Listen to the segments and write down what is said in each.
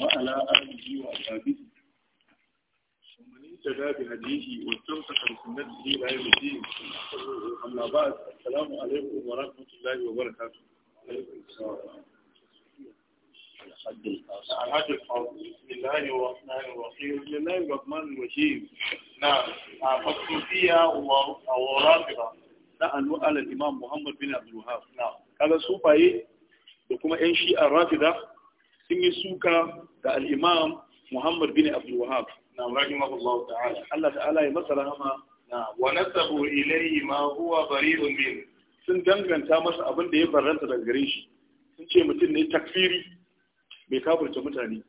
wa'ala arziki wa alhadisi shimmanin da hadisi wancan sakar sunan da zira ya mutu Allah ba salamu alaikum wa rahmatullahi wa barakatu na al’ul’ala imam muhammad bin abdullahi na kada su da kuma ‘yan shi’ar rafi da’ sun yi suka da al'imam Muhammad bin Abdul Wahab na rahimahullahu ta'ala Allah ta'ala ya masa rahama na wa nasabu ilayhi ma huwa bari'un min sun danganta masa abin da ya faranta daga gare shi sun ce mutum ne takfiri bai kafirce mutane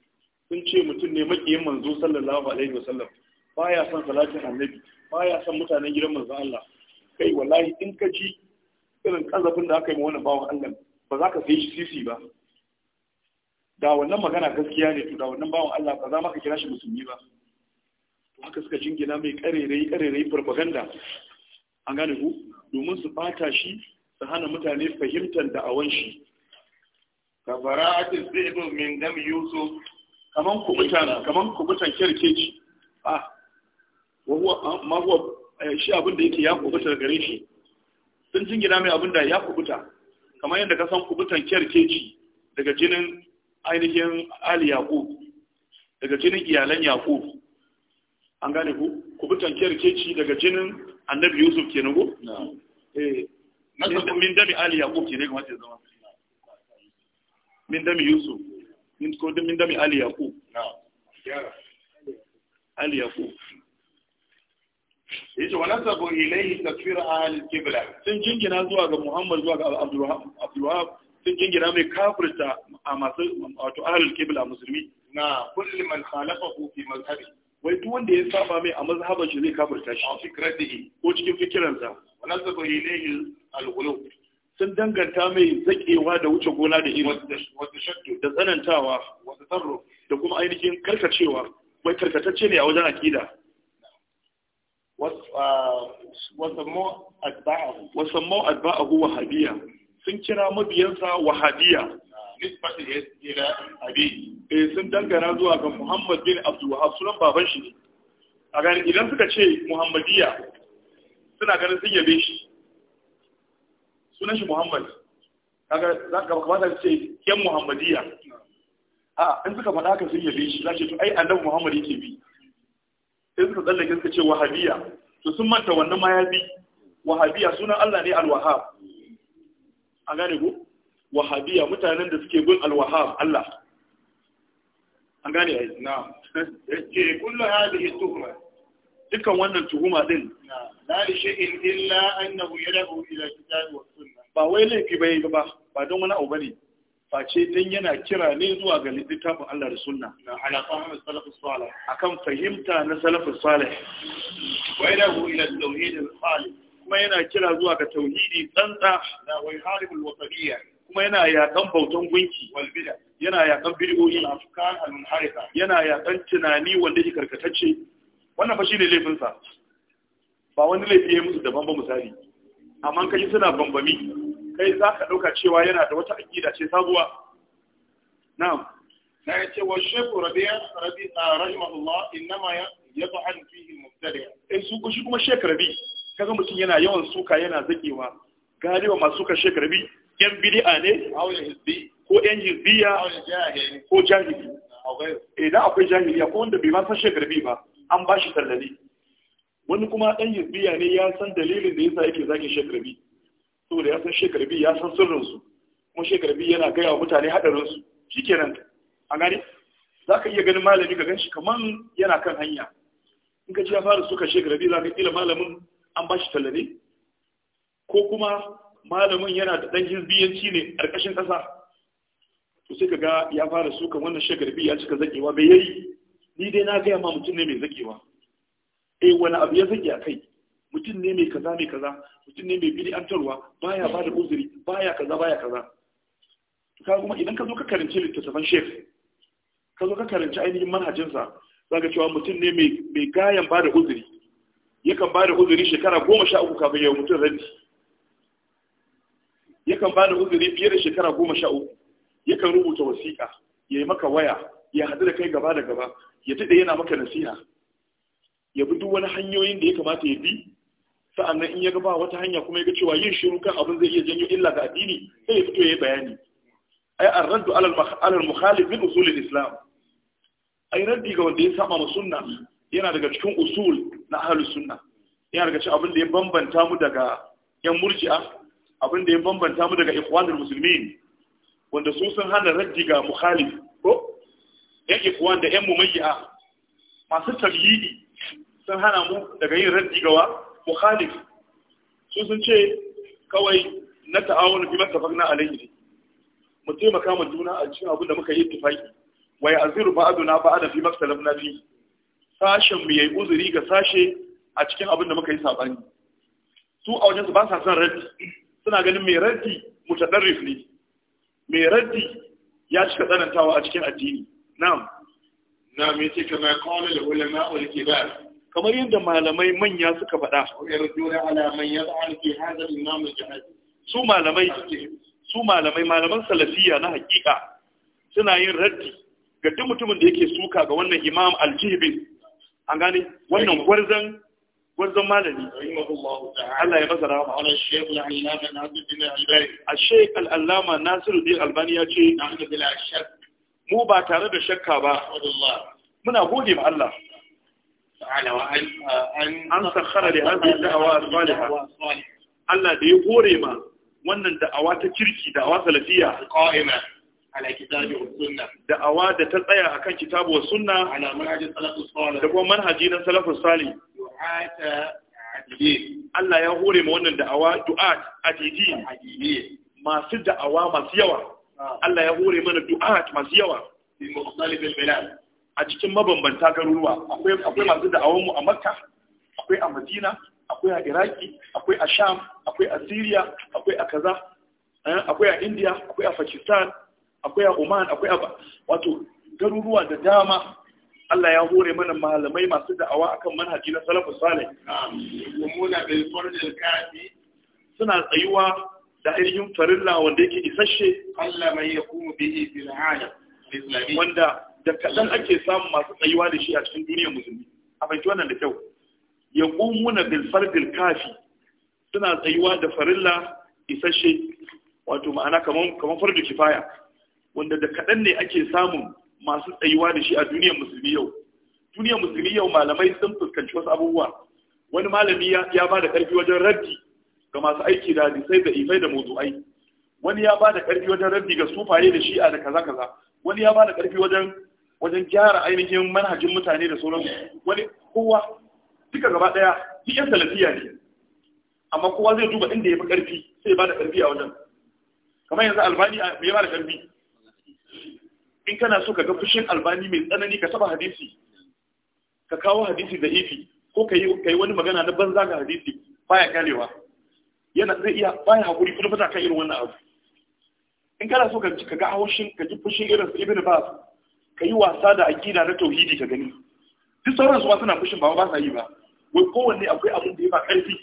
sun ce mutum ne makiyin manzo sallallahu alaihi wasallam baya son salatin annabi baya son mutanen gidan manzo Allah kai wallahi in ka ji irin ƙazafin da aka yi wa wani bawan Allah ba za ka sai shi sisi ba da wannan magana gaskiya ne to da wannan bawan Allah ba za maka kira shi musulmi ba to haka suka jingina mai karerai karerai propaganda an gane ku domin su bata shi su hana mutane fahimtar da'awan shi ka bara'atin zaibun min dam yusuf kaman mutana kaman mutan kirkeci a ah, wa huwa ma huwa eh, shi abin da yake ya kubuta gare shi sun jingina mai abin da ya kubuta kamar yadda ka san kubutan kirkeci daga jinin ainihin ali yaqub daga jinin iyalan yaqub an gane ku ku bi tankiyar keci daga jinin annabi yusuf kenan ku? eh min dami ali yaqub kenan kuma sai zama min dami yusuf min ko min dami ali yaqub na'am ali yaqub yace wala sabu ilayhi takfir ahli qibla sun jingina zuwa ga muhammad zuwa ga abdul wahab sun jingina mai kafirta a masu wato ahlul kibla musulmi na kulli man khalafahu fi mazhabi wai duk wanda ya saba mai a mazhaban shi zai kafirta shi a fikratihi ko cikin fikiransa wannan nasabu ilayhi al-ghulub sun danganta mai zakewa da wuce gona da iri da tsanantawa da kuma ainihin karkacewa wai karkatacce ne a wajen akida wasammo uh, adba'ahu wasammo adba'ahu wahabiyya sun kira mabiyansa wahadiya eh sun dangana zuwa ga Muhammad bin Abdul Wahab sunan baban shi ne a gani idan suka ce Muhammadiya suna ganin sun yabe shi sunan shi Muhammad kaga za ka kamata ce yan Muhammadiya a in suka faɗa ka sun yabe shi za ce to ai Annabi Muhammad yake bi sai suka tsallake suka ce Wahabiya to sun manta wannan ma ya bi Wahabiya sunan Allah ne Al-Wahhab a gane ku wahabiya mutanen da suke bin alwahab Allah an gane ya yi na ke kullu hadhihi tuhma dukkan wannan tuhuma din Na la shi in illa annahu yad'u ila kitabi wa sunnah ba wai laifi ba yi ba ba don wani abu bane face dan yana kira ne zuwa ga littafin Allah da sunna na ala fahmi salafus salih akan fahimta na salafus salih wa yad'u ila tauhid al kuma yana kira zuwa ga tauhidi tsantsa na wai haribul wasaniya kuma yana yakan bautan gunki wal bid'a yana yakan bid'o'i afkan al munharika yana yakan tunani wanda yake karkatacce wannan fa shine laifin sa ba wani laifi ya musu daban ba misali amma kai suna bambami kai za ka dauka cewa yana da wata aqida ce sabuwa na'am na ce wa shaykh rabi'a rabi'a rahimahullah inma yat'an fihi al mubtadi' in eh, su kuma shaykh rabi'a kaga mutum yana yawan suka yana zakewa galiba masu suka shekarbi yan bid'a ne ko yan hizbiya ko jahili idan akwai jahiliya ko wanda bai ma san shekarbi ba an ba shi tallali wani kuma ɗan hizbiya ne ya san dalilin da yasa yake zagin shekarbi saboda ya san shekarbi ya san sirrinsu kuma shekarbi yana gaya wa mutane haɗarinsu shikenan a gani za ka iya ganin malami ka gan shi kamar yana kan hanya in ka ci ya fara suka shekarbi za ka kila malamin an ba shi tallare ko kuma malamin yana da ɗan hizbiyanci ne a ƙarƙashin ƙasa to sai kaga ga ya fara sukan wannan shagarbi ya cika zakewa bai yayi ni dai na gaya ma mutum ne mai zakewa eh wani abu ya zage a kai mutum ne mai kaza mai kaza mutum ne mai antarwa baya ba da uzuri baya kaza baya kaza ka kuma idan ka zo ka karanci littattafan shef ka zo ka karanci ainihin manhajinsa zaka cewa mutum ne mai gayan ba da uzuri yakan ba da uzuri shekara goma sha uku kafin yau mutum rabi yakan ba da uzuri fiye da shekara goma sha uku yakan rubuta wasiƙa ya yi maka waya ya haɗu da kai gaba da gaba ya daɗe yana maka nasiha ya bi duk wani hanyoyin da ya kamata ya bi sa'annan in ya ga ba wata hanya kuma ya ga cewa yin shiru kan abin zai iya janyo illa ga addini sai ya fito ya yi bayani ai an raddu alal mukhalif min usulil islam ai raddi ga wanda ya saba ma sunna yana daga cikin usul na ahli sunna yana daga cikin abin da ya bambanta mu daga yan murji'a abin da ya bambanta mu daga ikhwanul muslimin wanda su sun hana raddi ga mukhalif ko yan ikhwan da yan mumayya masu tabyidi sun hana mu daga yin raddi ga mukhalif su sun ce kawai na ta'awun bi mattafaqna alayhi mu taimaka ma juna a cikin abin da muka yi ittifaqi wa ya'ziru ba'aduna ba'ada fi maktalabna fihi sashen mu yayi uzuri ga sashe a cikin abin da muka yi sabani su a wajen su ba sa son raddi suna ganin mai raddi mutadarrif ne mai raddi ya cika tsanantawa a cikin addini na'am na me ce kama qala al ulama ke kibar kamar yadda malamai manya suka faɗa su malamai su malamai malaman salafiya na hakika suna yin raddi ga duk mutumin da yake suka ga wannan imam al al-jihbin an gane wannan gwarzan gwarzon malami Allah ya masa rahama ala shaykh al-allama nasiruddin al-albani shaykh al-allama nasiruddin albani ya ce mu ba tare da shakka ba muna gode ma Allah an uh, sakhara da hadhihi al salihah Allah da ya hore ma wannan da'awa ta kirki da'awa salafiya qa'ima da'awa da ta tsaya kan kitabu wa sunna da kuma manhaji na salafus sali Allah ya hore ma wannan da'awa du'at titi masu da'awa masu yawa Allah ya hore mana du'at masu yawa a cikin mabambanta garuruwa akwai masu da'awan mu a Makka akwai a Madina akwai a Iraki akwai a Sham akwai a Syria akwai a kaza eh, akwai a India akwai a Pakistan akwai a Oman akwai Aba. wato garuruwa da dama Allah ya hore mana malamai masu da'awa akan manhaji na salafus salih yumuna bil fardil kafi suna tsayuwa da ainihin farilla wanda yake isasshe Allah mai yakumu bihi fil alam wanda da kadan ake samu masu tsayuwa da shi a cikin duniyar musulmi a fahimci wannan da kyau yaqumuna bil fardil kafi suna tsayuwa da farilla isasshe wato ma'ana kaman kaman fardu kifaya wanda da kaɗan ne ake samun masu tsayuwa da shi a duniyar musulmi yau duniyar musulmi yau malamai sun fuskanci wasu abubuwa wani malami ya ba da ƙarfi wajen raddi ga masu aiki da hadisai da ifai da motsu'ai wani ya ba da ƙarfi wajen raddi ga sufaye da shi'a da kaza kaza wani ya ba da ƙarfi wajen wajen gyara ainihin manhajin mutane da sauran wani kowa duka gaba ɗaya duk yan salafiya ne amma kowa zai duba inda ya fi ƙarfi sai ba da ƙarfi a wajen kamar yanzu albani ya ba da ƙarfi in kana so ka ga fushin albani mai tsanani ka saba hadisi ka kawo hadisi da ifi ko ka yi wani magana na banza ga hadisi baya karewa yana zai iya baya hakuri kuma fata kan irin wannan abu in kana so ka ga haushin ka ji fushin irin su ibn bas ka yi wasa da aqida na tauhidi ka gani duk sauran su suna fushin ba ba sa yi ba wai kowanne akwai abin da ya ba karfi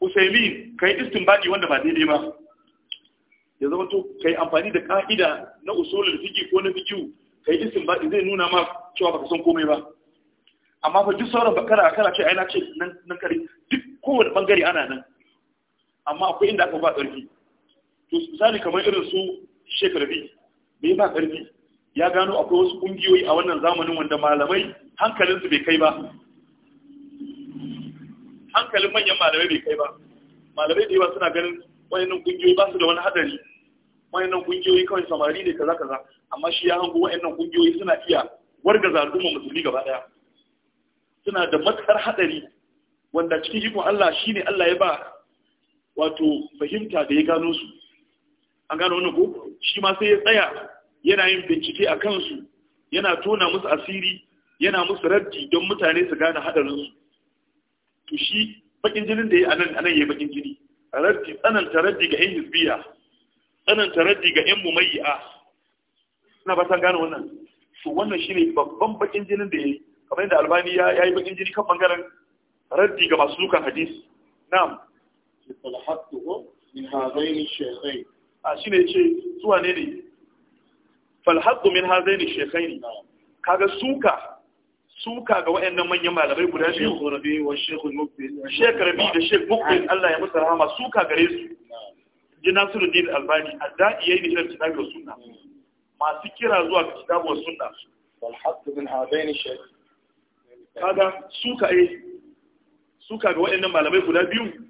Usaimin ka yi istinbadi wanda ba daidai ba ya zama to kai amfani da ka'ida na usulul fiqi ko na fiqi kai ba zai nuna ma cewa baka san komai ba amma fa duk sauran bakara kana ce ai na ce nan nan kare duk kowane bangare ana nan amma akwai inda aka ba karfi to misali kamar irin su shekarbi bai ba karfi ya gano akwai wasu kungiyoyi a wannan zamanin wanda malamai hankalinsu bai kai ba hankalin manyan malamai bai kai ba malamai da yawa suna ganin wayannan kungiyoyi ba su da wani hadari wayannan kungiyoyi kawai samari ne kaza kaza amma shi ya hango wayannan kungiyoyi suna iya warga al'umma musulmi gaba daya suna da matsar hadari wanda cikin hikon Allah shine Allah ya ba wato fahimta da ya gano su an gano wannan ko shi ma sai ya tsaya yana yin bincike a kansu yana tona musu asiri yana musu raddi don mutane su gane su. to shi bakin jinin da ya anan anan yayi bakin jini raddi tsananta raddi ga yan hizbiya tsananta raddi ga yan mumayya ina ba san gane wannan to wannan shine babban bakin jinin da yayi kamar yadda albani ya yayi bakin jini kan bangaren raddi ga masu lukan hadis, na'am falhatuhu min hadaini shaykhain a shine yace zuwa ne ne falhatu min hadaini shaykhain kaga suka suka ga waɗannan manyan malamai guda biyu Sheikh Rabi da Sheikh Mukbil Allah ya musu rahama suka gare su ji Nasiruddin Albani addai yayi da shirin kitabul sunna masu kira zuwa ga kitabul sunna wal hadain kaga suka eh suka ga waɗannan malamai guda biyu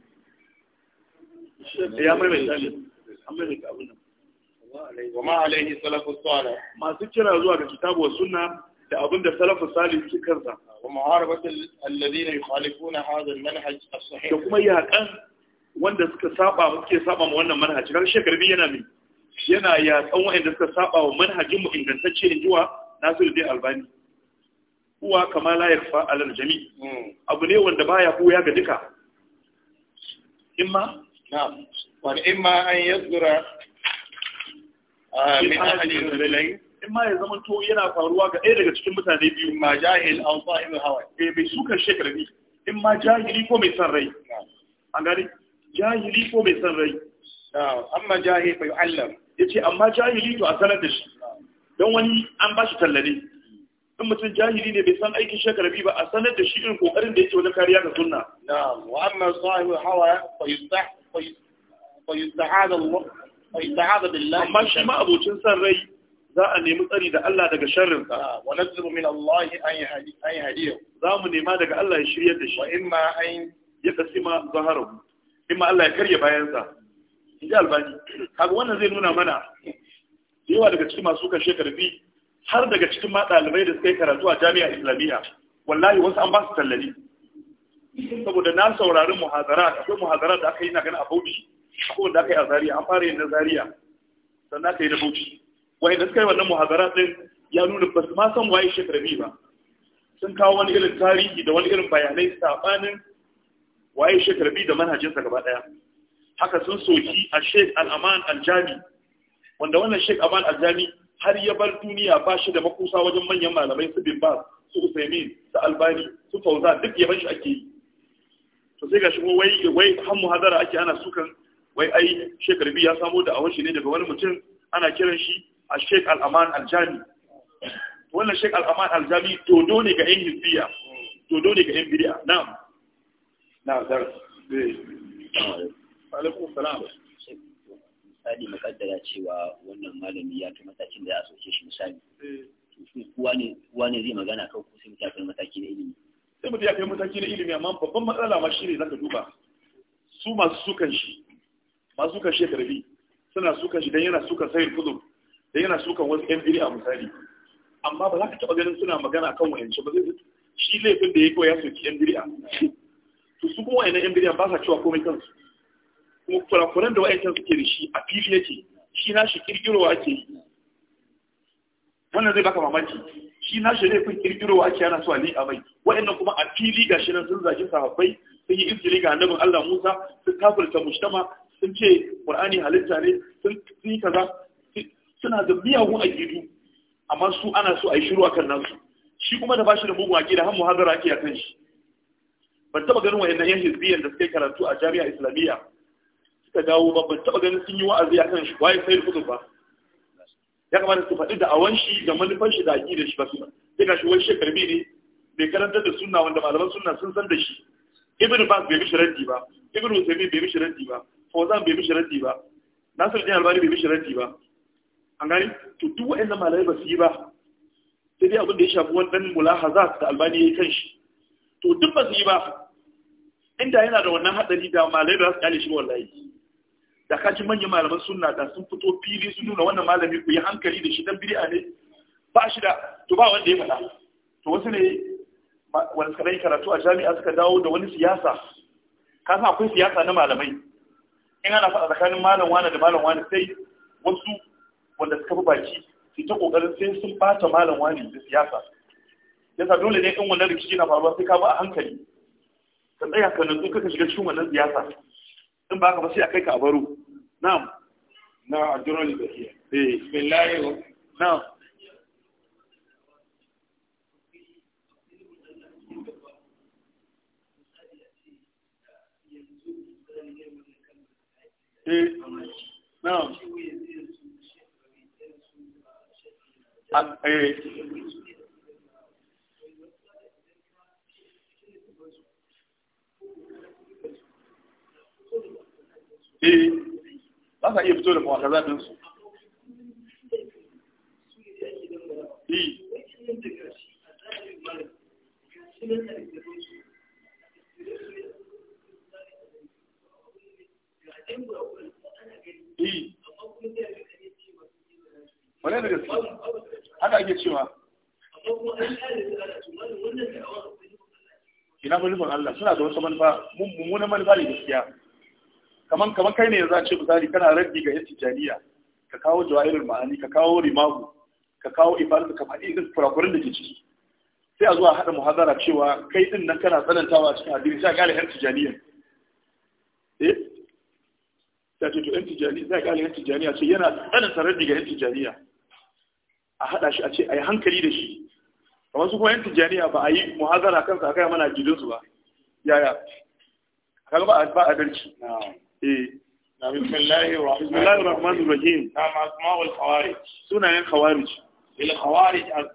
ya mai mai tashi nan wa masu kira zuwa ga kitabul da abin da salafin salih ke kansa wa muharabatul alladhina yukhalifuna hadha almanhaj as-sahih da kuma yaƙan wanda suka saba muke saba mu wannan manhaji kan bi yana mai yana ya yaƙan wanda suka saba wa manhajin mu ingantacce in jiwa Nasiruddin Albani huwa kama la yakfa alal jami hmm. abu ne wanda baya koya ga duka imma na'am wa imma an yasdura ah, min ahli al-rilayn in ma ya zama to yana faruwa ga ɗaya daga cikin mutane biyu ma jahil an sa'in hawa eh bai suka ne in ma jahili ko mai san rai an gani jahili ko mai san rai amma jahil bai allam ya ce amma jahili to a sanar da shi don wani an ba shi tallane in mutum jahili ne bai san aikin biyu ba a sanar da shi irin kokarin da yake wani kariya ga sunna wa amma sa'in hawa fa fa amma shi ma abocin san rai za a nemi tsari da Allah daga sharrin sa ah, wa nazibu min Allah an yahdi an yahdiyo za mu nema daga Allah ya shiryar da shi wa in ya an yaqsima In ma Allah ya karya bayan sa inji albani kaga wannan zai nuna mana yawa daga cikin masu kan shekarbi har daga cikin ma dalibai da suka yi karatu a jami'a islamiyya wallahi wasu an ba su tallali saboda na saurari muhazara akwai muhazara da aka yi na gani a bauchi Akwai wanda aka yi a zaria an fara yin na zaria sannan aka yi da bauchi Wai da suka yi wannan muhazara din ya nuna ba su ma san waye Sheikh Rabi ba sun kawo wani irin tarihi da wani irin bayanai sabanin waye Sheikh Rabi da manhajinsa gaba daya haka sun soki a Sheikh Al-Aman Al-Jami wanda wannan Sheikh Aman Al-Jami har ya bar duniya ba shi da makusa wajen manyan malamai su Bin Baz su Usaimin su Albani su Fauza duk ya bar shi ake yi to sai ga shi wai wai han muhazara ake ana sukan wai ai Sheikh Rabi ya samo da awon shi ne daga wani mutum ana kiran shi a sheik al'aman aljami wannan sheik al'aman aljami dodo ne ga yan hizbiya dodo ne ga yan biriya. na na zar alaikun salam misali makaddara cewa wannan malami ya ta matakin da ya soke shi misali eh. kuwa ne zai magana kan ku sai mutakin mataki na ilimi sai mutum ya kai mataki na ilimi amma babban matsala ma shi ne zaka duba su masu sukan shi masu sukan shi karbi suna sukan shi don yana sukan sayar kudur da yana sukan wasu yan biri a misali amma ba za ka taɓa ganin suna magana kan wayance ba zai shi laifin da ya kawai ya soki yan biri a to su kuma wayannan yan biri ba sa cewa komai kansu kuma kurakuran da wayancan suke da shi a fili yake shi na shi kirkirowa ake yi wannan zai baka mamaki shi na shi laifin kirkirowa ake yana so a liƙa mai wayannan kuma a fili ga shi nan sun zaki sahabbai sun yi izini ga annabin Allah Musa sun kafirta mujtama sun ce Qur'ani halitta ne sun yi kaza suna da miyagun ajidu amma su ana so a yi shiru akan nasu shi kuma da bashi da mugun aƙida har muhazara ake kan shi ban taɓa ganin wa'annan yan hizbiyan da suka yi karatu a jami'a islamiyya suka dawo ba ban taɓa ganin sun yi wa'azi akan shi waye sai kudin ba ya kamata su faɗi da awan shi da manufan shi da aƙidar shi ba su sai ga shi wani shekarbi ne bai karantar da sunna wanda malaman sunna sun san da shi ibn bas bai mishi raddi ba ibn usaimin bai mishi raddi ba fawzan bai mishi raddi ba nasir jin albani bai mishi raddi ba an gani to duk waɗannan malamai ba su yi ba sai dai abin da ya shafi wannan mulahaza da albani kan kanshi to duk ba su yi ba inda yana da wannan hadari da malamai ba su kyale shi wallahi da kaji manyan malaman sunna da sun fito fili su nuna wannan malami ku yi hankali da shi dan bidi'a ne ba shi da to ba wanda ya faɗa to wasu ne wani suka karatu a jami'a suka dawo da wani siyasa ka san akwai siyasa na malamai in ana faɗa tsakanin malam wani da malam wani sai wasu wanda suka fi baki su ta kokarin sai sun bata malam wani da siyasa yasa dole ne in wannan rikici na faruwa sai ka ba a hankali ka tsaya ka nutsu ka shiga cikin wannan siyasa in ba ka ba sai a kai ka a baro na'am na ajrul bahiya eh billahi na'am Eh, no. Ah, eh, eh iya fito da mawakaza ɗinsu eh. eh. Wane da haka ake cewa ina manufar Allah suna da wasu manufa mummunan manufa ne gaskiya kaman kaman kai ne yanzu a ce misali kana raddi ga istijaniya ka kawo jawahirul ma'ani ka kawo rimahu ka kawo ibadu ka faɗi irin kurakurin da ke ciki sai a zuwa haɗa muhazara cewa kai ɗin nan kana tsanantawa cikin addini sai a ƙara yar tijaniya eh ta ce to yan tijaniya sai a ƙara yar tijaniya ce yana tsananta raddi ga yan tijaniya a haɗa shi a ce a yi hankali da shi a wasu kuma yan tijjaniya ba a yi muhazara kansa a kai mana su ba yaya kaga ba a ba a dalci bismillahir rahmanir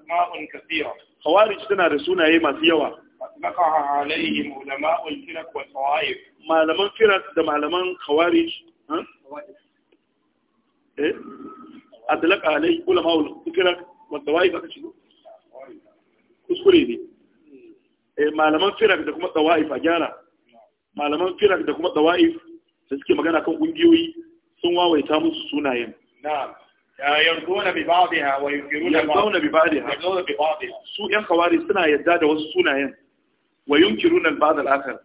Na sunayen suna da sunaye masu yawa malaman firaq da malaman khawarij eh? أدلق عليه علماء الفكرة والطوائف أكشنو kuskure ne eh malaman firak da kuma tsawaif a gyara malaman firak da kuma tsawaif da suke magana kan kungiyoyi sun wawaita musu sunayen na'am yarduna bi ba'dha wa yunkiruna yarduna bi ba'dha yarduna bi ba'dha su yan kawari suna yadda da wasu sunayen wa yunkiruna ba'd al-akhar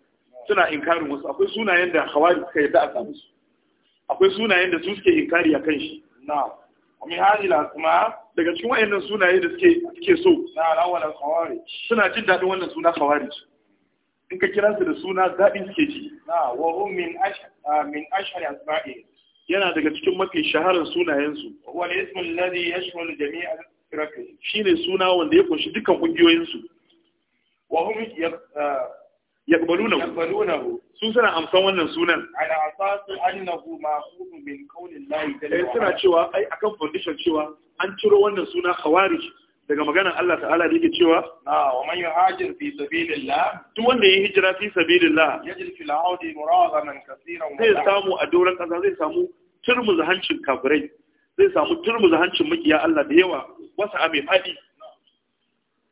suna inkarin wasu akwai sunayen da kawari suka yadda a samu su akwai sunayen da su suke inkari a kan shi min hadhihi al daga cikin wayannan sunaye da suke suke so na al-awwal khawarij suna jin dadin wannan suna khawarij in ka kira su da suna dadin suke ji na wa hum min ash min ashhar asma'i yana daga cikin mafi shaharar sunayen su wa al-ismu alladhi yashmalu jami'a al Shi shine suna wanda ya kunshi dukkan kungiyoyin su wa hum yaqbaluna yaqbaluna su suna amsan wannan sunan ala asasu annahu ma'khudun min qawli ta'ala eh, suna cewa ai akan foundation cewa an ciro wannan suna khawarij daga maganar Allah ta'ala da yake cewa na wa man yuhajir fi sabilillah duk wanda ya hijira fi sabilillah yajid fil audi muragaman kaseeran zai samu a doran kasa zai samu turmuzu hancin kafirai zai samu turmuzu hancin makiya Allah da yawa wasa abe fadi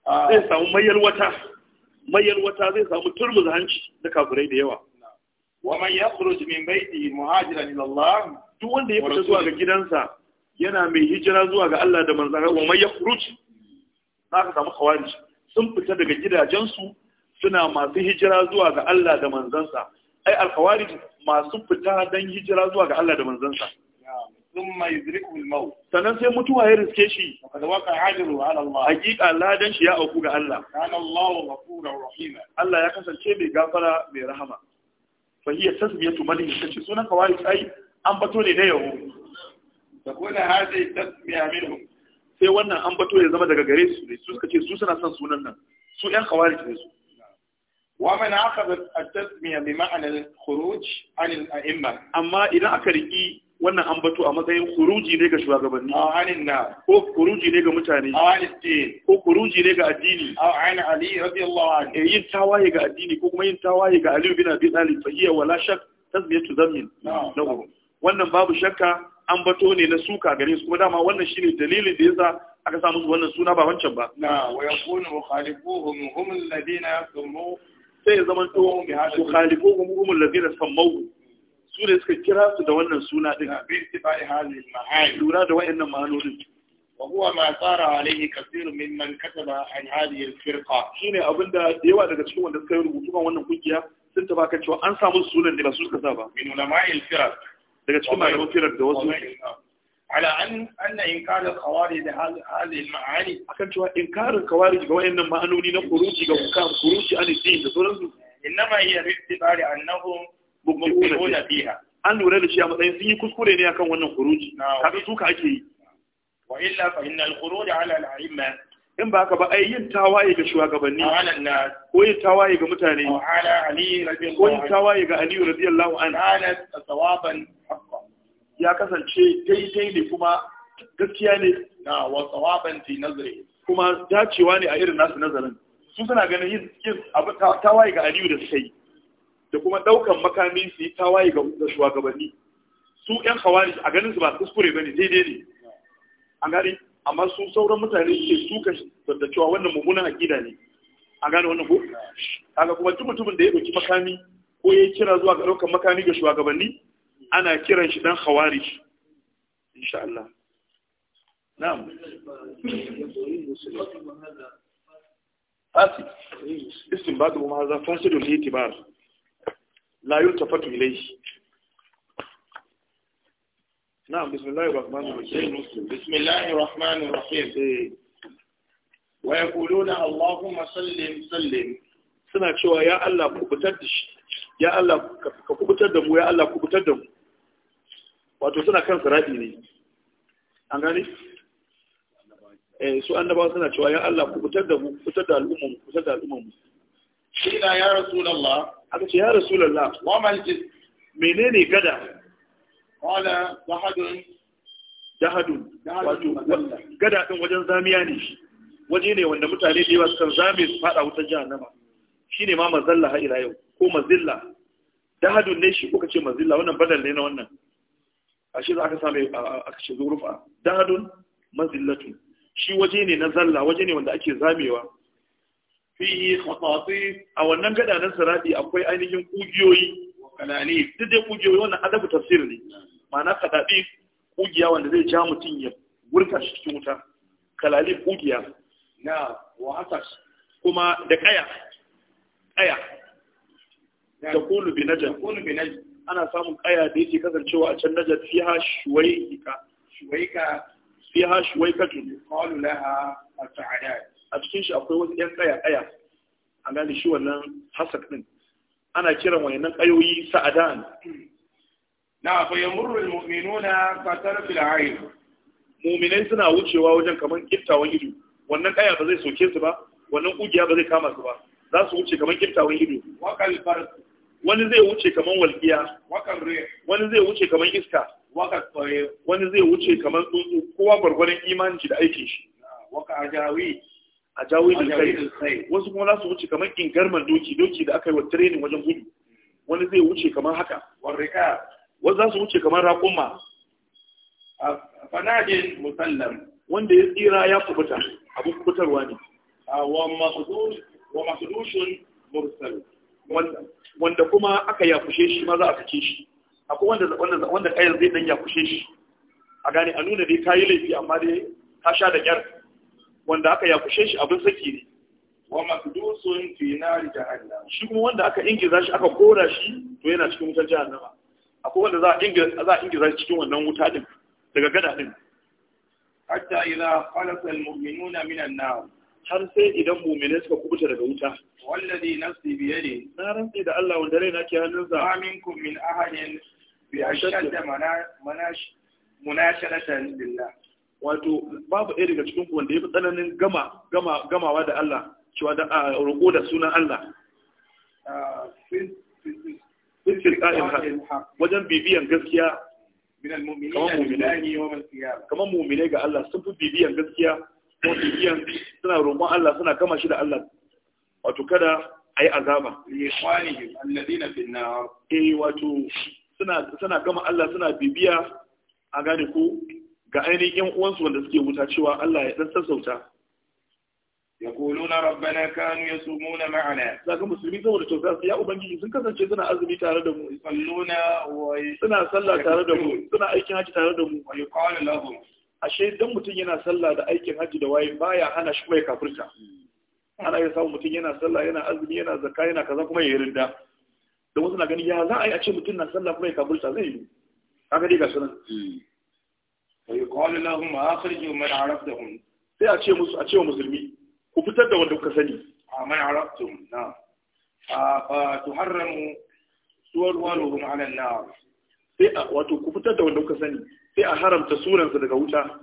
ah. zai samu mayar wata zai samu turmuzu hanci da kafirai da yawa ومن يخرج من بيته مهاجرا الى الله duk wanda ya fita zuwa ga gidansa yana mai hijira zuwa ga Allah da manzon Allah mai ya khuruj ka samu khawarij sun fita daga gidajensu suna masu hijira zuwa ga Allah da manzansa ai al-khawarij masu fita dan hijira zuwa ga Allah da manzansa thumma yudriku al-maut sanan sai mutuwa ya riske shi faqad waqa ajru ala Allah haqiqa ladan shi ya auku ga Allah kana Allahu ghafurur rahima. Allah ya kasance mai gafara mai rahama fa hiya tasmiyatu malihi tace sunan kawai sai an bato ne na yabo da kuma hadai tasmiya minhum sai wannan an bato ya zama daga gare su ne su ce su suna son sunan nan su yan kawai ne su wa man akhadha at-tasmiya amma idan aka riki wannan an batu a matsayin kuruji ne ga shugabanni a na ko kuruji ne ga mutane a ko kuruji ne ga addini a ali radiyallahu anhu eh, yin tawaye ga addini ko kuma yin tawaye ga Aliyu bin abi talib fa hiya wala shak tasbiyatu zammin lahu wannan babu shakka an bato ne na suka gare su kuma dama wannan shine dalilin da yasa aka sa musu wannan suna ba wancan ba na wa yakunu mukhalifuhum hum alladhina yasamu sai zaman to mukhalifuhum hum alladhina su ne suka kira su da wannan suna din bi tibai hazil ma'ani lura da wayannan ma'anonin wa huwa ma tsara alaihi kaseer mimman kataba an hadhihi al-firqa da yawa daga cikin wanda suka yi rubutu kan wannan kungiya sun taba kan cewa an samu sunan ne ba su suka sa ba min ulama'il firaq daga cikin malaman firaq da wasu على أن أن إنكار الخوارج هذه المعاني أكن شو إنكار الخوارج هو إنما أنوني نخروج عن الدين إنما هي باعتبار أنهم mukmiluna fiha an lura da shi a matsayin sun yi kuskure ne akan wannan khuruji kaga suka ake yi wa illa fa inna al-khuruj ala al-a'imma in ba ka ba ai yin tawaye ga shugabanni ko yin tawaye ga mutane ko yin tawaye ga Aliyu radiyallahu an ya kasance daidai ne kuma gaskiya ne na wa tsawaban fi nazari kuma dacewa ne a irin nasu nazarin su suna ganin yin abu tawaye ga Aliyu da sai da kuma ɗaukan makami su yi tawaye ga shugabanni su ƴan hawari a ganin su ba kuskure ba ne daidai ne an gane amma su sauran mutane ke suka da cewa wannan mummunan aƙida ne an gane wannan ko kaga kuma duk mutumin da ya ɗauki makami ko ya kira zuwa ga ɗaukan makami ga shugabanni ana kiran shi dan hawari insha Allah na'am fasid istinbadu ma za fasidul itibar la yultafatu ilayhi na'am bismillahir rahmanir rahim bismillahir rahmanir rahim wa yaquluna allahumma sallim sallim suna cewa ya Allah kubutar da shi ya Allah ku kubutar da mu ya Allah kubutar da mu wato suna kan sarati ne an gani eh su Annaba suna cewa ya Allah kubutar da mu kubutar da al'umma mu kubutar da al'umma mu shi ya rasulullah aka ce ya rasulullah wa mal menene gada wala dahadun dahadun wato gada din wajen zamiya ne shi waje ne wanda mutane da yawa kan zame su fada wuta jahannama shine ma mazalla ha ila yau ko mazilla dahadun ne shi kuka ce mazilla wannan badal ne na wannan ashe za aka same aka ce zurufa dahadun mazillatu. shi waje ne na zalla waje ne wanda ake zamewa fihi khatati a wannan gada na akwai ainihin kugiyoyi kanani duk dai kugiyoyi wannan adabu tafsir ne ma'ana kadadi kugiya wanda zai ja mutum ya gurka shi cikin wuta kalali kugiya na wa kuma da kaya kaya da kulu bi najad kulu bi najad ana samun kaya da yake kasancewa a can najad fiha shuwaika shuwaika fiha tun qalu laha at a cikin shi akwai wasu yan kaya kaya A gane shi wannan hasak din ana kiran wayannan kayoyi sa'adan na fa yamurru almu'minuna fa tarfi al'ayn mu'minai suna wucewa wajen kaman kiftawan ido wannan kaya ba zai soke su ba wannan kugiya ba zai kama su ba za su wuce kaman kiftawan ido wakal wani zai wuce kaman walqiya wakal wani zai wuce kaman iska wakal wani zai wuce kaman tsuntsu kowa gwargwaron imanin da aikin shi ajawi a jawo jawilin kai wasu kuma za su wuce kamar ingarmar doki doki da aka yi wa training wajen gudu wani zai wuce kamar haka wasu za su wuce kamar raƙumma a fanadin musallam wanda ya tsira ya kubuta abin kubutarwa ne wa masudushin mursal wanda kuma aka yakushe shi ma za a fice shi akwai wanda wanda kayar zai dan yakushe shi a gane a nuna dai yi laifi amma dai ka sha da kyar wanda aka yakushe shi abin saki ne wa makdusun fi nari jahannam shi kuma wanda aka ingiza shi aka kora shi to yana cikin wutar jahannama akwai wanda za a ingiza za a ingiza shi cikin wannan wuta din daga gada din hatta idza qalasa almu'minuna min an-nar har sai idan mu'minai suka kubuta daga wuta wallazi nafsi bi yadi na rantsi da Allah wanda raina ke hannunsa aminkum min ahadin bi ashadda manashadatan billah wato babu ɗaya daga cikin wanda ya fi tsananin gama gama gamawa da Allah cewa da roƙo da sunan Allah uh, wajen bibiyan gaskiya kamar muminai ga Allah sun fi bibiyan gaskiya ko bibiyan suna roƙon Allah suna gama shi da Allah wato kada a yi azaba eh wato suna gama Allah suna bibiya a gane ko ga ainihin yan uwansu wanda suke wuta cewa Allah ya dan sassauta na rabbana kanu yasumuna ma'ana zaka musulmi saboda su ya ubangiji sun kasance suna azumi tare da mu salluna wa suna sallah tare da mu suna aikin haji tare da mu wa yuqalu lahum ashe dan mutum yana sallah da aikin haji da waye baya hana shi mai kafirta ana ya samun mutum yana sallah yana azumi yana zakka yana kaza kuma ya rinda da wasu gani ya za a yi a ce mutum na sallah kuma ya kafirta zai yi haka dai ga sunan hmm. ويقال لهم أخرجوا من عرفتهم sai a ce musu a ce wa musulmi ku fitar da wanda kuka sani a ah, man arabtum na a ah, tuharramu suwar waluhum ala nar sai a wato ku fitar da wanda kuka sani sai a haramta sunansa daga wuta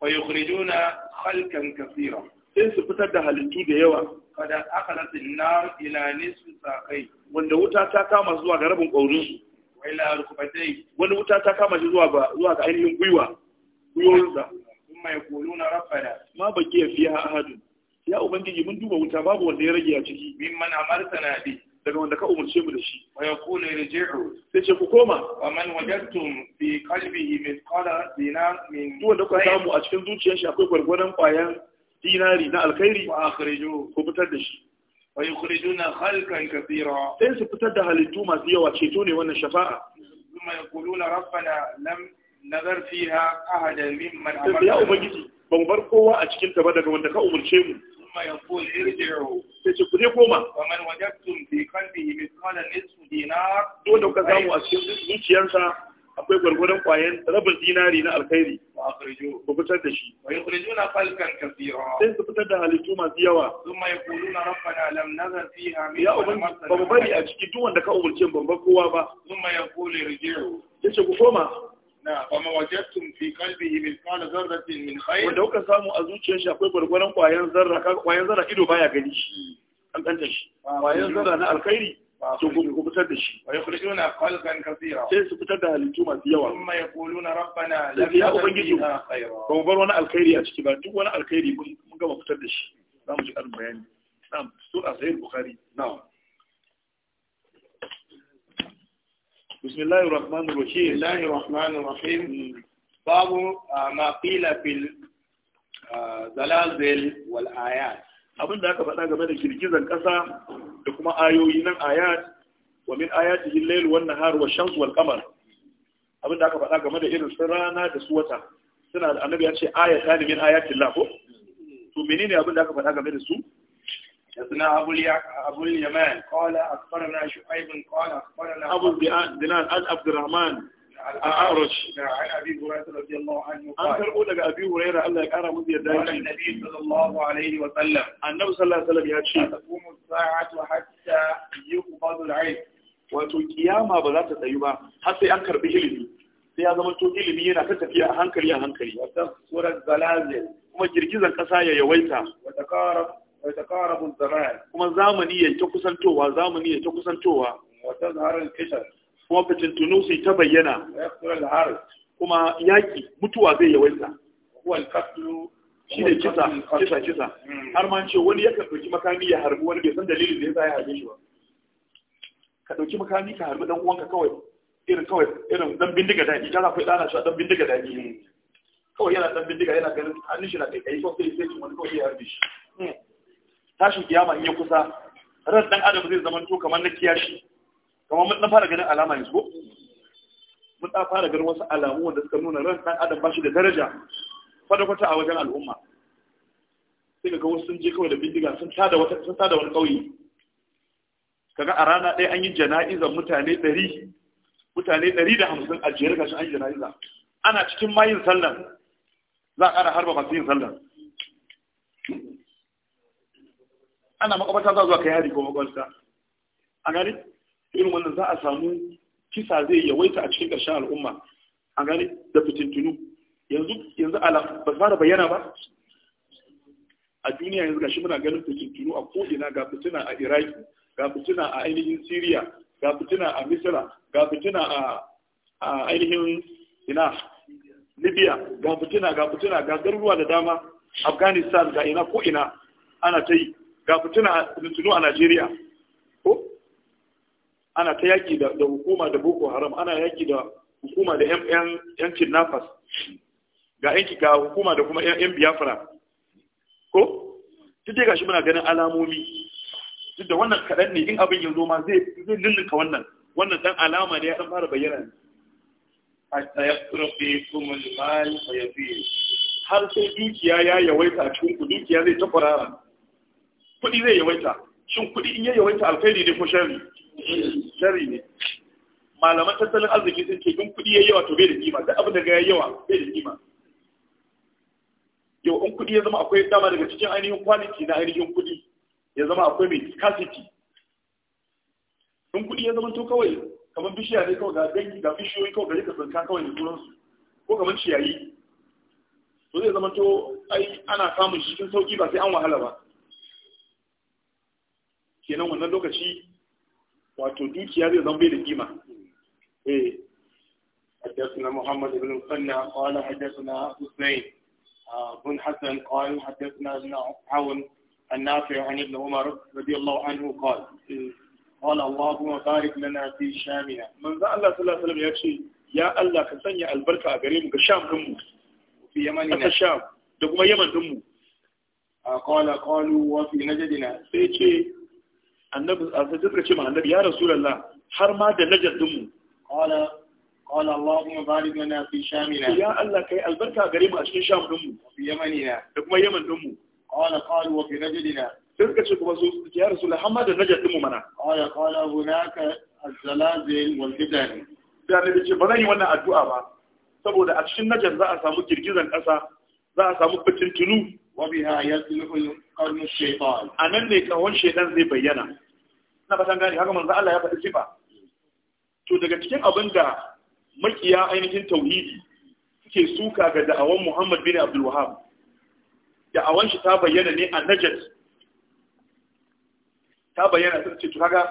wa yukhrijuna khalqan kaseera sai su fitar da halittu da yawa kada akalat an-nar ila nisfi saqai wanda wuta ta kama zuwa ga rabin kaurin su ila rukbatai wani wuta ta kama shi zuwa ga zuwa ga ainihin gwiwa gwiwoyinsa kuma ya kolo na rabbana ma baki ya fiya ahadu ya ubangiji mun duba wuta babu wanda ya rage a ciki min man amartana bi daga wanda ka umarce mu da shi wa yaqulu irji'u sai ce ku koma wa man wajadtum fi qalbihi mithqala dinar min duk wanda ku samu a cikin zuciyar shi akwai gwargwadon kwayan dinari na alkhairi wa akhrijuhu ku fitar da shi wa yukhrijuna khalqan kathira sai su fitar da halittu masu yawa ceto ne wannan shafa'a kuma yaquluna rabbana lam nazar fiha ahadan mimman amara ya ubangiji ban bar kowa a cikinta ba daga wanda ka umurce mu kuma yaqul irji'u sai ce ku je koma wa man wajadtum fi qalbihi mithqala nisfi dinar dole ka samu a cikin zuciyarsa akwai gwargwadon kwayan rabin dinari na alkhairi ku fitar da shi wa yukhrijuna falkan kathira sai su fitar da halittu masu yawa thumma yaquluna rabbana lam nazar fiha min ya ubangi ba mu bari a ciki duk wanda ka umurce ban ba kowa ba thumma yaqulu irji'u yace ku koma na fa ma wajadtum fi qalbihi mithqala dharratin min khair wanda kuka samu a zuciyar shi akwai gwargwadon kwayan zarra kwayan zarra ido baya gani shi hmm. an kanta shi kwayan zarra na alkhairi su ku fitar da shi sai su fitar da halittu masu yawa kuma yaquluna rabbana wani alkhairi a ciki ba duk wani alkhairi mun gama fitar da shi za ji karin bayani na'am sura sahih bukhari na'am بسم الله الرحمن الرحيم الله الرحمن الرحيم باب ما قيل في الزلازل abin da aka faɗa game da girgizan ƙasa da kuma ayoyi nan ayat wa min ayatihi al-layl wan nahar wa shams wal qamar abin da aka faɗa game da irin sun rana da su wata suna da annabi ya ce ayata ne min ayatin lafo to menene abin da aka faɗa game da su حدثنا أبو أبو اليمان قال أخبرنا شعيب قال أخبرنا أبو الدنان عن عبد الأعرج عن أبي هريرة رضي الله عنه قال أنت أقول لك أبي هريرة الله يقرأ مذي الدائم قال النبي صلى الله عليه وسلم النبي صلى الله عليه وسلم يهدشي تقوم الساعة حتى يقبض العلم wato kiyama ba za ta tsayu ba har sai an karbi ilimi sai ya zama to ilimi yana ta tafiya a hankali a hankali wata surar zalazil kuma girgizan kasa ya yawaita wata kara wata kara kuma zamani ya ta kusantowa zamani ya ta kusantowa wata zaharar kishar kuma fitintunu su ta bayyana kuma yaƙi mutuwa zai yawaita shi ne kisa kisa kisa har ma ce wani ka ɗauki makami ya harbi wani bai san dalilin da ya zai ya harbe shi ba ka ɗauki makami ka harbi ɗan uwanka kawai irin kawai irin dan bindiga daɗi kana kai ɗana shi dan bindiga daɗi kawai yana dan bindiga yana ganin hannun shi na kai kai kawai sai shi wani kawai ya harbe shi tashin kiyama in ya kusa ran dan adam zai zama to kamar na kiyashi kamar mun dan fara ganin alama yanzu mun ta fara ganin wasu alamu wanda suka nuna ran dan adam ba shi da daraja kwata-kwata a wajen al'umma sai ga wasu sun je kawai da bindiga sun tada wata sun tada wani kauye kaga a rana ɗaya an yi jana'izar mutane ɗari mutane ɗari da hamsin a jere gashin an yi jana'iza ana cikin mayin sallan za a ƙara harba masu yin sallan ana makwabata za zuwa kai hari ko makwabata a gani irin wannan za a samu kisa zai yawaita a cikin ƙarshen al'umma a gane da fitintunu yanzu yanzu ala ba fara bayyana ba a duniya yanzu gashi muna ganin fitintunu a ko'ina ga fitina a iraki ga fitina a ainihin syria ga fitina a misira ga fitina a ainihin ina libya ga fitina ga fitina ga garuruwa da dama afghanistan ga ina ko'ina ana ta yi ga fitina a fitintunu a najeriya ana ta yaƙi da hukuma da boko haram ana yaƙi da hukuma da yan nafas ga yanki ga hukuma da kuma yan biyafra ko duk ga shi muna ganin alamomi duk da wannan kaɗan ne in abin yanzu ma zai lullunka wannan wannan dan alama ne ya dan fara bayyana ne har sai dukiya ya yawaita a cikin kudi dukiya zai ta kwarara kudi zai yawaita shin kudi in ya yawaita alkhairi ne ko shari'a. sharri ne malaman tattalin arziki sun ce in kuɗi ya yawa to bai da kima da abin da ga yawa bai da kima yau in kuɗi ya zama akwai dama daga cikin ainihin kwaliti na ainihin kuɗi ya zama akwai mai scarcity in kuɗi ya zama to kawai kamar bishiya ne kawai ga dangi ga bishiyoyi kawai gari ka tsanka kawai da sunansu ko kamar ciyayi to zai zama to ai ana samun cikin sauki ba sai an wahala ba kenan wannan lokaci wato dukiya zai zama bai da kima eh حدثنا محمد بن مثنى قال حدثنا حسين بن حسن قال حدثنا ابن عون النافع عن ابن عمر رضي الله عنه قال قال اللهم بارك لنا في شامنا من ذا الله صلى الله عليه وسلم يكشي يا الله كسني البركة أقريم كشام دمو في يمننا الشام دقم يمن دمو قال قالوا وفي نجدنا سيتي annabi a sai suka ce ma annabi ya rasulullah har ma da najar din mu qala qala allahumma barik lana fi shamina ya allah kai albarka gare mu a cikin sham din mu fi yamanina da kuma yaman din mu qala qalu wa fi najdina sai suka ce kuma su ya rasulullah har ma da najar din mu mana qala qala hunaka az-zalazil wal fitan da annabi ce ba zan yi wannan addu'a ba saboda a cikin najar za a samu girgizan kasa za a samu fitintunu wa biha yasluhu qarnu shaytan anan ne kawon shaytan zai bayyana na fatan gane haka manzo Allah ya faɗi sifa to daga cikin abin da makiya ainihin tauhidi suke suka ga da'awan Muhammad bin Abdul Wahhab da'awan shi ta bayyana ne a Najd ta bayyana ta ce to kaga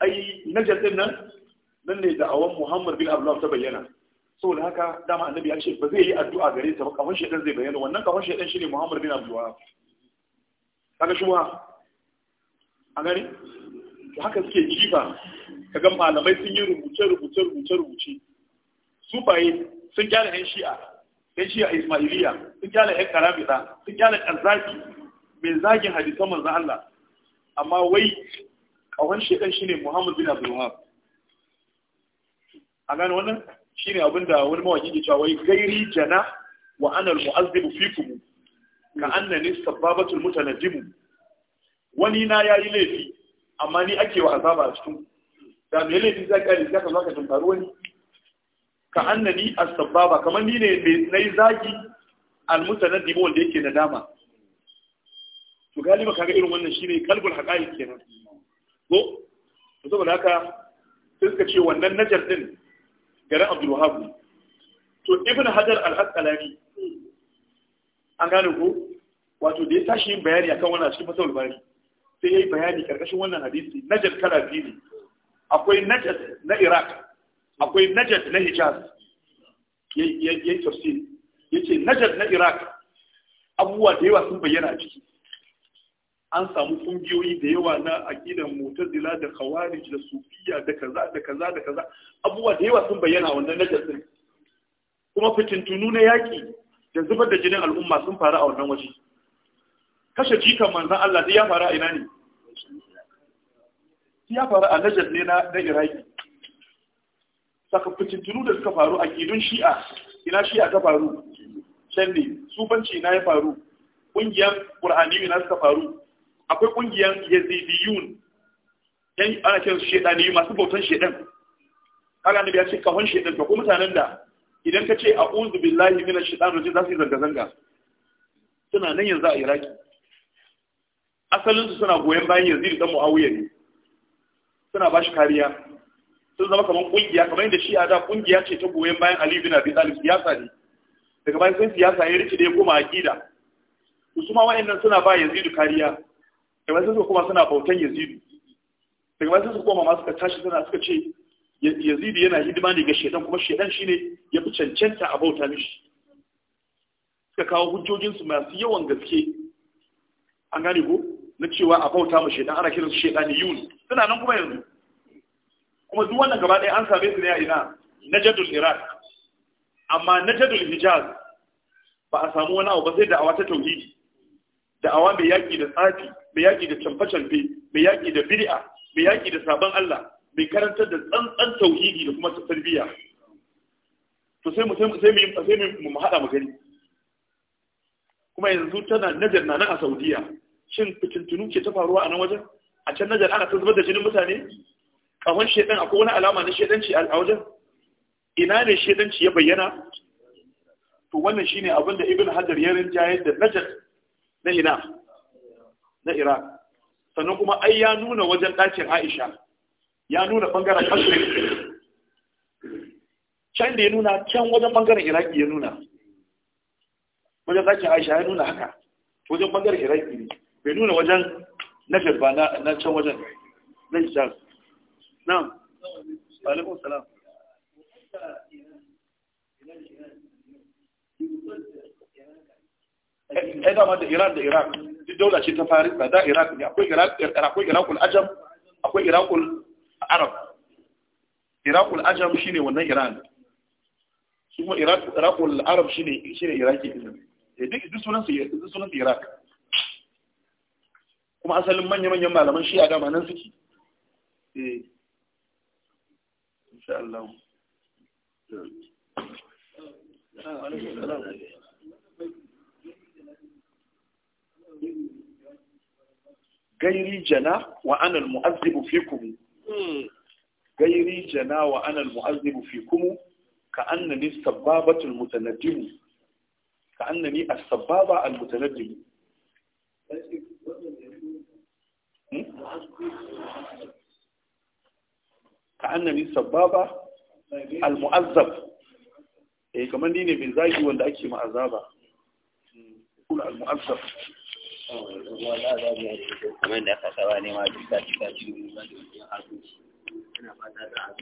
ai Najd din nan nan ne da'awan Muhammad bin Abdul Wahhab ta bayyana saboda haka dama annabi ya ce ba zai yi addu'a gare ta ba kafin zai bayyana wannan kafin shi shine Muhammad bin Abdul Wahhab kaga shi wa a gani to haka suke jifa kaga malamai sun yi rubuce rubuce rubuce rubuce baye sun gyara yan shi'a yan shi'a ismailiya sun gyara yan karabida sun kyale karzaki mai zagin hadisan manzon Allah amma wai kawan shedan shine Muhammad bin Abdul Wahab a gane wannan shine abinda wani mawaki ke cewa wai gairi jana wa ana al-mu'azzibu fikum ka annani sababatul mutanajjim wani na yayi laifi amma ni ake wa azaba a cikin da me laifin zai kare sai ka zaka tunkari wani ka annani as-sababa kamar ni ne nayi zagi al-mutanaddim wanda yake da dama to galiba kaga irin wannan shine kalbul haqaiq kenan ko to saboda haka sai ka ce wannan najar din garin Abdul Wahhab to Ibn Hajar al-Asqalani an gane ko wato da ya tashi yin bayani akan wannan cikin fasal bayani. sai ya yi bayani karkashin wannan hadisi Najar kala biyu ne akwai najas na iraq akwai najas na hijaz ya yi tafsir ya ce najas na iraq abubuwa da yawa sun bayyana a ciki an samu kungiyoyi da yawa na akidan mu'tazila da khawarij da sufiya da kaza da kaza da kaza abubuwa da yawa sun bayyana wannan najad din kuma fitintunu na yaki da zubar da jinin al'umma sun faru a wannan waje kashe jikan manzan Allah ya faru a ina ne ya faru a najar ne na iraki saka fitintunu da suka faru a kidun shi'a ina shi'a ta faru can ne sufanci ina ya faru ƙungiyar ƙur'ani ina suka faru akwai ƙungiyar yazidiyun yan ana kiransu shedaniyu masu bautan shaɗan kaga annabi ya ce kawon shaɗan ta kuma mutanen da idan ka ce a'udhu billahi mina shaɗan rajin za su yi zanga-zanga suna nan yanzu a iraki asalin su suna goyon bayan yanzu da Muawiya ne suna ba shi kariya sun zama kamar kungiya kamar yadda shi a da kungiya ce ta goyon bayan Ali bin Abi Talib siyasa ne daga bayan sai siyasa ya rike da ya koma aqida su ma suna ba yazidu kariya daga bayan sai kuma suna bautan Yazid daga bayan sai kuma ma suka tashi suna suka ce Yazid yana hidima ne ga shedan kuma shedan shine ya fi cancanta a bauta mishi suka kawo hujjojinsu masu yawan gaske an gane ko na cewa a bauta mu shedan ana kiransu shaidani yun suna nan kuma yanzu kuma duk wannan gaba ɗaya an same su ne a ina na jadul iraq amma na jadul hijaz ba a samu wani abu ba sai da'awa ta tauhidi da'awa mai yaƙi da tsafi mai yaƙi da canfe-canfe, mai yaƙi da bid'a mai yaƙi da sabon Allah mai karantar da tsantsan tauhidi da kuma tarbiyya to sai mu sai mu sai mu mu haɗa mu gani kuma yanzu tana najar na nan a Saudiya shin fitintunu ke ta faruwa a nan wajen a can najar ana ta zubar da jinin mutane kawon shedan akwai wani alama na shedanci a wajen ina ne shedanci ya bayyana to wannan shine abin da ibn hajar ya rinjaye da najar na ina na iraq sannan kuma ai ya nuna wajen ɗakin aisha ya nuna ɓangaren kasirin can da ya nuna can wajen ɓangaren iraki ya nuna wajen ɗakin aisha ya nuna haka wajen ɓangaren iraki ne bai nuna wajen nashar ba na can wajen na hijab na alaikun salam ai eh, dama da iran da iraq duk daula ce ta farisa da iraq ne akwai iraqul ajam akwai iraqul arab iraqul ajam shi ne wannan iran su kuma iraqul arab ne shine iraki eh, duk sunan su duk sunan iraq kuma asalin manya-manyan malaman shi a dama nan suke eh gairi jana wa anal mu'azzibu fikum gairi jana wa anal mu'azzibu ka annani sababatul mutanaddimu ka annani as-sababa al-mutanaddimu Hmm? ka annabi sababa al-mu'azzab eh kamar dine bin zaki wanda ake ma'azaba kula al-mu'azzab da aka saba ne ma duka cikin